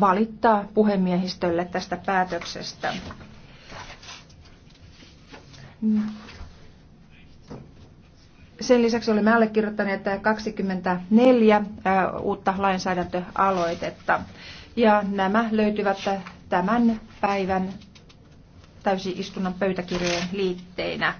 valittaa puhemiehistölle tästä päätöksestä. Sen lisäksi olemme allekirjoittaneet 24 uutta lainsäädäntöaloitetta. Ja nämä löytyvät tämän päivän täysistunnon pöytäkirjojen liitteinä.